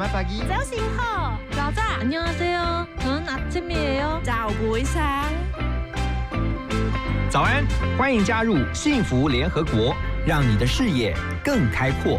早好，早你早安，歡迎加入幸福聯合國，讓你的視野更開闊。